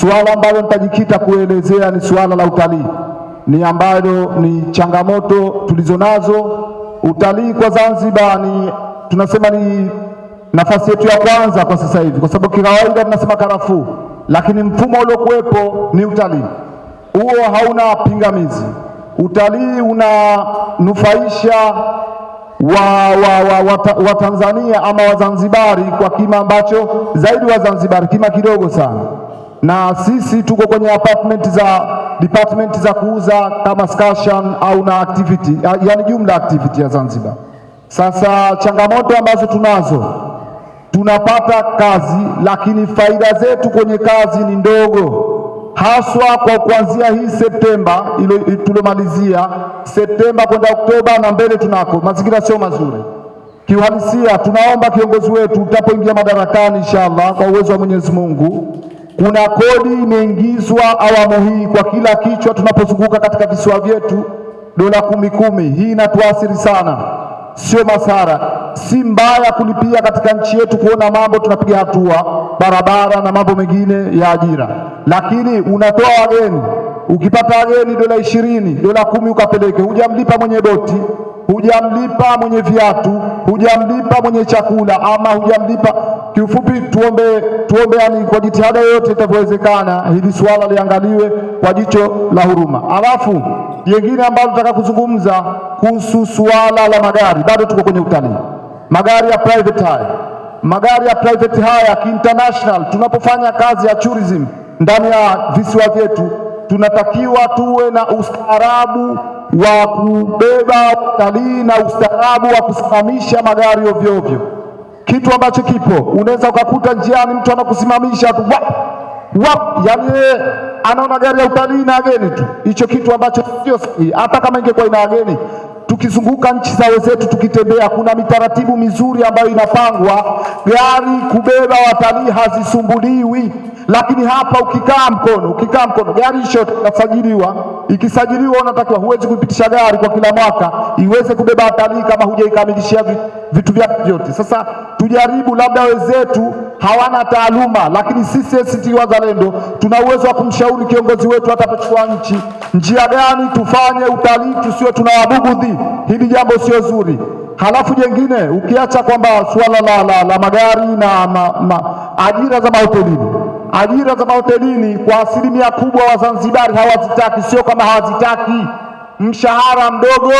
Suala ambalo nitajikita kuelezea ni suala la utalii, ni ambalo ni changamoto tulizonazo. Utalii kwa Zanzibar ni tunasema ni nafasi yetu ya kwanza kwa sasa hivi, kwa sababu kikawaida tunasema karafuu, lakini mfumo uliokuwepo ni utalii. Huo hauna pingamizi. Utalii unanufaisha nufaisha wa, wa, wa, wa ama Wazanzibari kwa kima ambacho zaidi Wazanzibari, kima kidogo sana na sisi tuko kwenye apartment za department za kuuza kama excursion au na activity, yani jumla activity ya Zanzibar. Sasa changamoto ambazo tunazo, tunapata kazi lakini faida zetu kwenye kazi ni ndogo, haswa kwa kuanzia hii Septemba tuliomalizia Septemba kwenda Oktoba na mbele tunako, mazingira sio mazuri kiuhalisia. Tunaomba kiongozi wetu utapoingia madarakani, inshallah kwa uwezo wa Mwenyezi Mungu kuna kodi imeingizwa awamu hii kwa kila kichwa tunapozunguka katika visiwa vyetu, dola kumi kumi. Hii inatuathiri sana, sio masara, si mbaya kulipia katika nchi yetu, kuona mambo tunapiga hatua, barabara na mambo mengine ya ajira. Lakini unatoa wageni, ukipata wageni dola ishirini, dola kumi ukapeleke, hujamlipa mwenye boti hujamlipa mwenye viatu, hujamlipa mwenye chakula, ama hujamlipa kiufupi. Tuombe, tuombe yani kwa jitihada yoyote itavyowezekana, hili swala liangaliwe kwa jicho la huruma. Alafu jengine ambalo nataka kuzungumza kuhusu suala la magari, bado tuko kwenye utalii, magari ya private haya, magari ya private haya kiinternational. Tunapofanya kazi ya tourism ndani ya visiwa vyetu, tunatakiwa tuwe na ustaarabu wa kubeba utalii na ustaarabu wa kusimamisha magari ovyo ovyo, kitu ambacho kipo, unaweza ukakuta njiani mtu anakusimamisha tu wap wap, yani yeye anaona gari ya utalii na ageni tu. Hicho kitu ambacho sio sahihi, hata kama ingekuwa ina ageni tukizunguka nchi za wenzetu, tukitembea, kuna mitaratibu mizuri ambayo inapangwa. Gari kubeba watalii hazisumbuliwi, lakini hapa ukikaa mkono, ukikaa mkono, gari hiyo inasajiliwa. Ikisajiliwa unatakiwa, huwezi kuipitisha gari kwa kila mwaka iweze kubeba watalii kama hujaikamilishia vitu vyake vyote. Sasa tujaribu, labda wenzetu hawana taaluma, lakini sisi ACT Wazalendo tuna uwezo wa kumshauri kiongozi wetu atapachukua nchi, njia gani tufanye utalii tusiwe tunawabugudhi. Hili jambo sio zuri. Halafu jengine ukiacha kwamba suala la, la, la magari na ma, ma, ajira za mahotelini ajira za mahotelini kwa asilimia kubwa Wazanzibari hawazitaki, sio kama hawazitaki, mshahara mdogo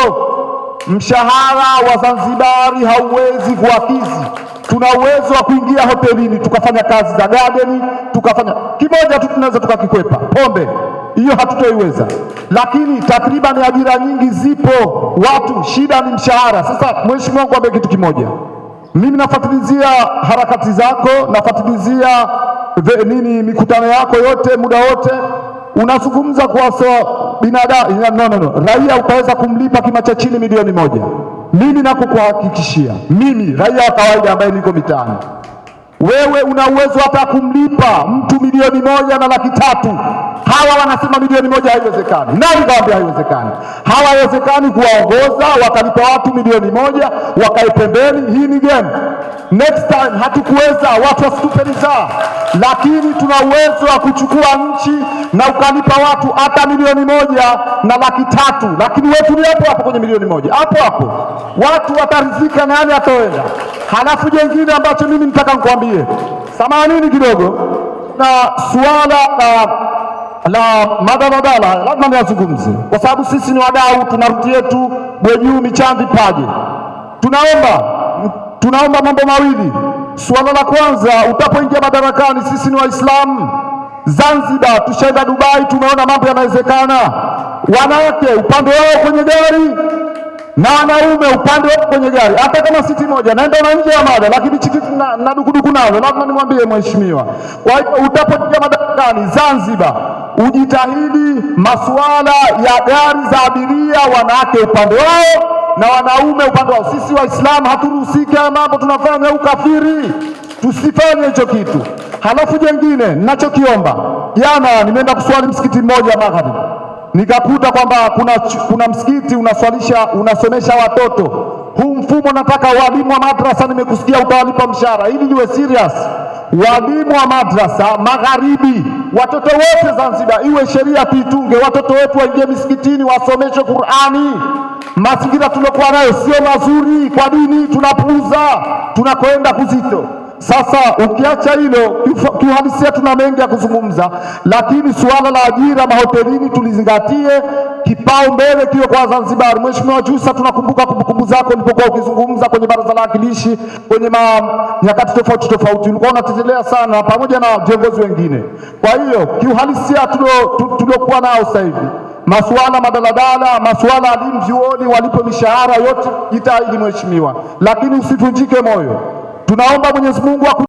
Mshahara wa Zanzibari hauwezi kuakizi. Tuna uwezo wa kuingia hotelini tukafanya kazi za garden, tukafanya kimoja tu tunaweza tukakikwepa, pombe hiyo hatutoiweza, lakini takriban ajira nyingi zipo. Watu shida ni mshahara. Sasa mheshimiwa wangu kitu kimoja, mimi nafuatilizia harakati zako, nafuatilizia nini, mikutano yako yote, muda wote unazungumza kuwasoa binadamu no, no, no, raia ukaweza kumlipa kima cha chini milioni moja. Mimi nakukuhakikishia mimi raia wa kawaida ambaye niko mitaani wewe una uwezo hata kumlipa mtu milioni moja na laki tatu. Hawa wanasema milioni moja haiwezekani. Nani kawaambia haiwezekani? Hawawezekani kuwaongoza wakalipa watu milioni moja wakae pembeni. Hii ni game. Next time hatukuweza, watu wasitupe ridhaa, lakini tuna uwezo wa kuchukua nchi na ukalipa watu hata milioni moja na laki tatu, lakini wetu ni hapo hapo kwenye milioni moja, hapo hapo watu watarizika Nani ataenda? Halafu jengine ambacho mimi nitaka nikwambia niwaambie, samanini kidogo na suala la la madaladala lazima niwazungumze, kwa sababu sisi ni wadau, tuna ruti yetu Bwejuu, Michamvi, Paje. Tunaomba tunaomba mambo mawili. Suala la kwanza, utapoingia madarakani, sisi ni Waislamu. Zanzibar tushaenda Dubai, tumeona mambo yanawezekana. Wanawake upande wao kwenye gari na wanaume upande wote kwenye gari, hata kama siti moja naenda na nje ya mada, lakini chiki na, na dukuduku nazo. Lazima nimwambie mheshimiwa. Kwa hiyo utapotia madarakani Zanzibar, ujitahidi masuala ya gari za abiria, wanawake upande wao na wanaume upande wao. Sisi Waislamu haturuhusiki haya mambo, tunafanya ukafiri, tusifanye hicho kitu. Halafu jengine ninachokiomba, jana nimeenda kuswali msikiti mmoja magharibi nikakuta kwamba kuna, kuna msikiti unaswalisha unasomesha watoto. Huu mfumo nataka walimu wa madrasa, nimekusikia utawalipa mshahara. Hili liwe serious, walimu wa madrasa magharibi, watoto wote Zanzibar, iwe sheria tuitunge, watoto wetu waingie misikitini wasomeshe Qur'ani. Mazingira tuliokuwa nayo sio mazuri kwa dini, tunapuuza tunakwenda kuzito sasa ukiacha hilo, kiuhalisia tuna mengi ya kuzungumza, lakini suala la ajira mahotelini tulizingatie, kipaumbele kiwe kwa Zanzibar. Mheshimiwa Jussa, tunakumbuka kumbukumbu zako ulipokuwa ukizungumza kwenye baraza la wakilishi kwenye nyakati tofauti tofauti, ulikuwa unatetelea sana pamoja na viongozi wengine. Kwa hiyo kiuhalisia tuliokuwa nao sasa hivi masuala madaladala, masuala alimvyuoni, walipo mishahara yote, jitahidi mheshimiwa, lakini usivunjike moyo. Tunaomba Mwenyezi Mungu